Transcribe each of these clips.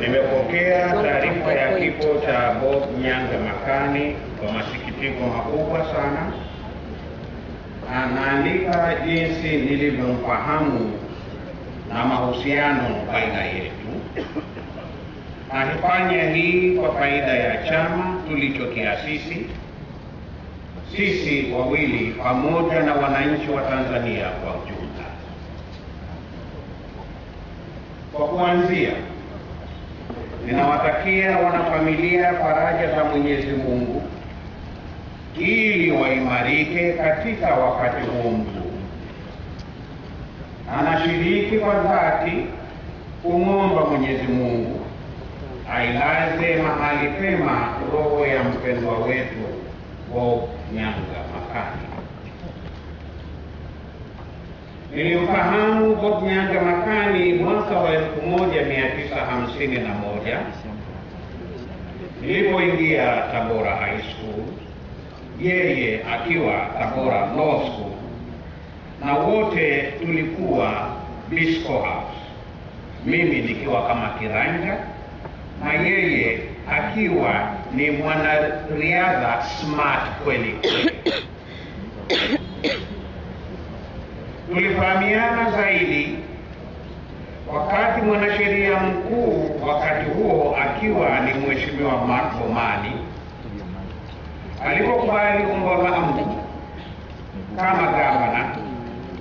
Nimepokea taarifa ya kifo cha Bob Nyanga Makani kwa masikitiko makubwa sana. Anaandika jinsi nilivyomfahamu na mahusiano baina yetu. Alifanya hii kwa faida ya chama tulichokiasisi sisi wawili pamoja na wananchi wa Tanzania kwa ujumla. Kwa kuanzia, ninawatakia wanafamilia faraja za Mwenyezi Mungu ili waimarike katika wakati huu mgumu. Anashiriki kwa dhati kumwomba Mwenyezi Mungu ailaze mahali pema roho ya mpendwa wetu Bob Nyanga Makani. Nilimfahamu Bob Nyanga Makani mwaka wa 1951 nilipoingia Tabora High School, yeye akiwa Tabora Law School, na wote tulikuwa Bisco House, mimi nikiwa kama kiranja na yeye akiwa ni mwanariadha smart kweli kweli tulifahamiana zaidi wakati mwanasheria mkuu wakati huo akiwa ni mheshimiwa Mark Mani alipokubali umbo langu kama gavana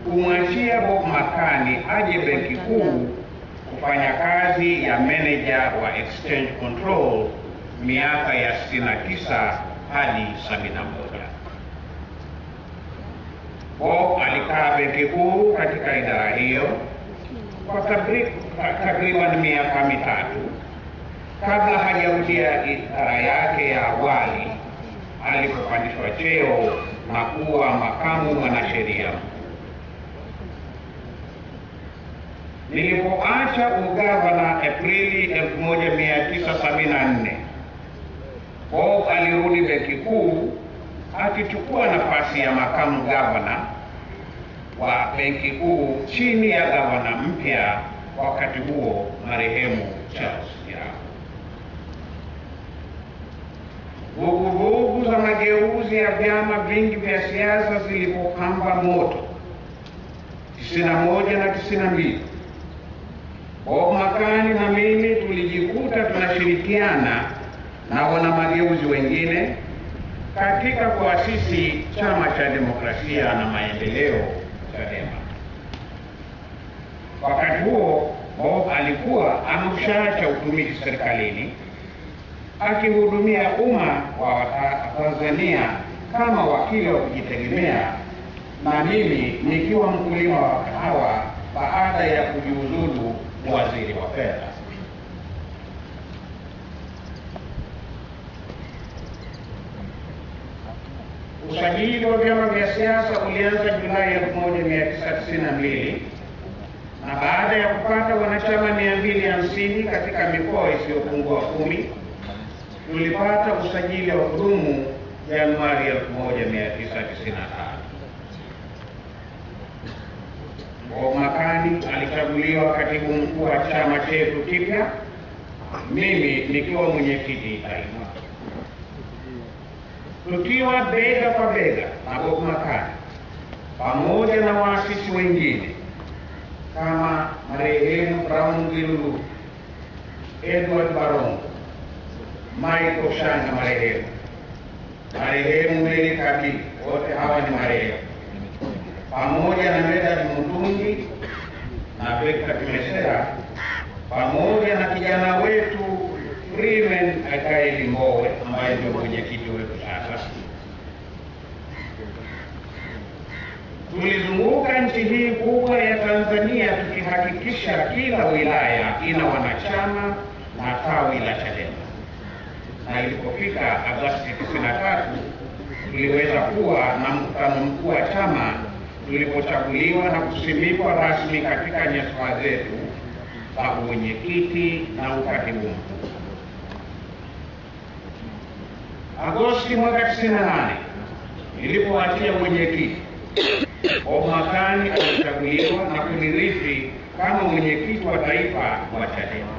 kumwachia Bob Makani aje benki kuu kufanya kazi ya meneja wa exchange control miaka ya 69 hadi 71. Kwa alikaa benki kuu katika idara hiyo kwa takriban miaka mitatu. Kabla hajarudia idara yake ya awali alipopandishwa cheo na kuwa makamu mwanasheria. Nilipoacha ugavana Aprili 1974, Bob alirudi benki kuu akichukua nafasi ya makamu gavana wa benki kuu chini ya gavana mpya wakati huo marehemu Charles Nyao. Vuguvugu za mageuzi ya vyama vingi vya siasa zilipopamba moto 91 na 92, Bob Makani na mimi tulijikuta tunashirikiana na wanamageuzi wengine katika kuasisi Chama cha Demokrasia na Maendeleo, CHADEMA. Wakati huo Bob alikuwa cha utumishi serikalini akihudumia umma wa Tanzania kama wakili wa kujitegemea na mimi nikiwa mkulima wa kahawa baada ya kujiuzulu waziri wa fedha. Usajili wa vyama vya siasa ulianza Julai 1992 na baada ya kupata wanachama 250 katika mikoa isiyopungua kumi tulipata usajili wa kudumu Januari 1995. Bob Makani alichaguliwa katibu mkuu wa chama chetu kipya, mimi nikiwa mwenyekiti taifa tukiwa bega kwa bega na Bob Makani pamoja na waasisi wengine kama marehemu Brown Gilulu, Edward Barongo, Michael Shanga marehemu, marehemu Mary Kabili, wote hawa ni marehemu, pamoja na Medad mundungi na Bekta Kimesera, pamoja na kijana wetu Freeman Aikaeli Mbowe ambaye ndio mwenyekiti Tulizunguka nchi hii kubwa ya Tanzania tukihakikisha kila wilaya ina wanachama na tawi la CHADEMA, na ilipofika Agosti 93 tuliweza kuwa na mkutano mkuu wa chama tulipochaguliwa na kusimikwa rasmi katika nyadhifa zetu za uwenyekiti na ukatibu mkuu. Agosti mwaka 98 nilipoachia uwenyekiti Omakani alichaguliwa na kunirithi kama mwenyekiti wa taifa wa Chadema.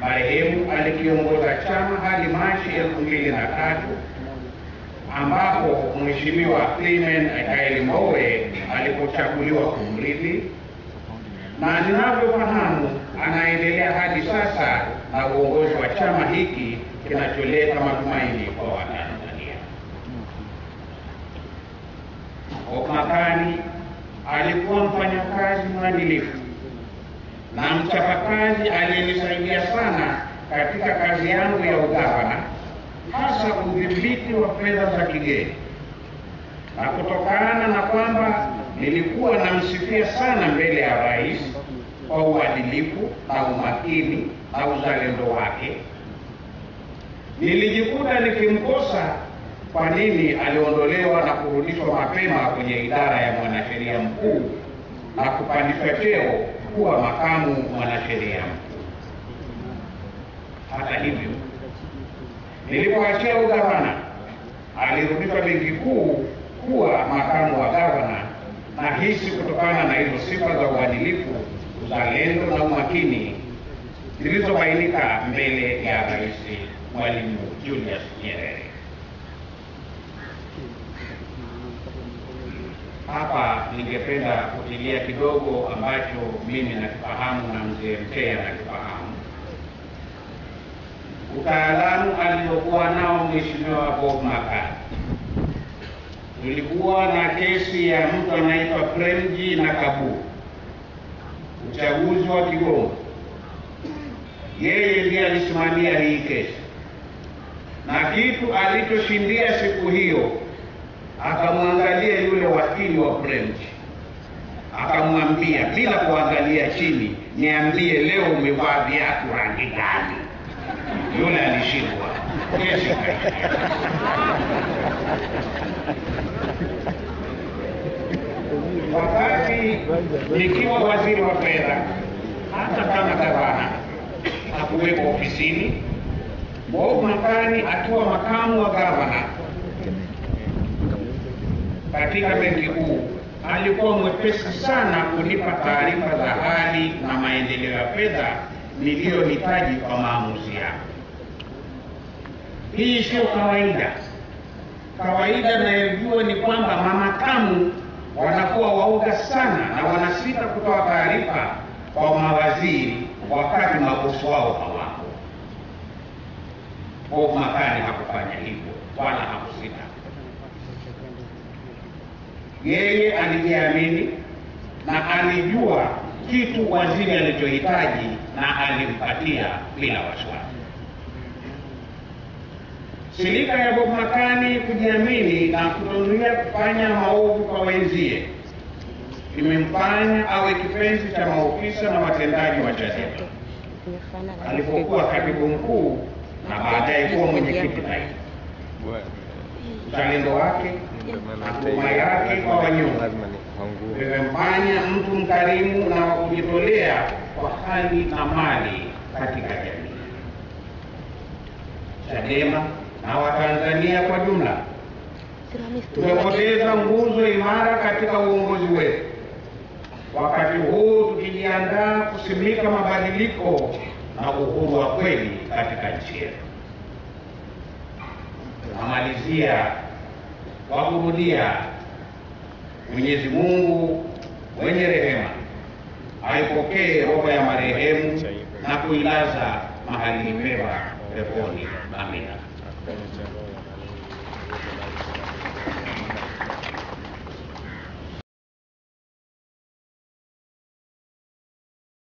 Marehemu alikiongoza chama hadi Machi elfu mbili na tatu ambapo Mheshimiwa Freeman Aikaeli Mbowe alipochaguliwa kumrithi, na ninavyofahamu anaendelea hadi sasa na uongozi wa chama hiki kinacholeta matumaini mwadilifu na mchapakazi aliyenisaidia sana katika kazi yangu ya ugavana, hasa udhibiti wa fedha za kigeni. Na kutokana na kwamba nilikuwa namsifia sana mbele ya rais kwa uadilifu na umakini na uzalendo wake, nilijikuta nikimkosa kwa nini aliondolewa na kurudishwa mapema kwenye idara ya mwanasheria mkuu na kupandishwa cheo kuwa makamu mwanasheria. Hata hivyo, nilipoachia ugavana, alirudishwa Benki Kuu kuwa makamu wa gavana, na hisi kutokana na hizo sifa za uadilifu, uzalendo na umakini zilizobainika mbele ya Rais Mwalimu Julius Nyerere. Hapa ningependa kutilia kidogo ambacho mimi nakifahamu na mzee Mtea nakifahamu. Utaalamu aliokuwa nao mheshimiwa Bob Makari, tulikuwa na kesi ya mtu anaitwa Premji na Kabu, uchaguzi wa Kigoma. Yeye ndiye alisimamia hii kesi na kitu alichoshindia siku hiyo akamwangalia yule wakili wa French akamwambia bila kuangalia chini, niambie leo umevaa viatu rangi gani? Yule alishindwa kesi. Wakati nikiwa waziri wa fedha, hata kama gavana hakuwepo ofisini, Bob Makani akiwa makamu wa gavana katika benki kuu alikuwa mwepesi sana kunipa taarifa za hali na maendeleo ya fedha niliyohitaji kwa maamuzi yangu. Hii sio kawaida. Kawaida nayojua ni kwamba mamakamu wanakuwa wauga sana na wanasita kutoa taarifa kwa mawaziri wakati mabosi wao hawapo. Bob Makani hakufanya hivyo wala hakusita. Yeye alijiamini na alijua kitu waziri alichohitaji na alimpatia bila wasiwasi. Silika ya Bob Makani kujiamini na kutozuia kufanya maovu kwa wenzie imemfanya awe kipenzi cha maofisa na watendaji wa CHADEMA alipokuwa katibu mkuu na baadaye kuwa mwenyekiti taifa. Uzalendo wake huduma yake kwa wanyonge. mtu mkarimu na wa kujitolea kwa hali na mali katika jamii. Chadema na Watanzania kwa jumla tumepoteza nguzo imara katika uongozi wetu, wakati huu tukijiandaa kusimika mabadiliko na uhuru wa kweli katika nchi yetu. Namalizia wakurudia. Mwenyezi Mungu mwenye rehema aipokee roho ya marehemu na kuilaza mahali pema peponi. Amina.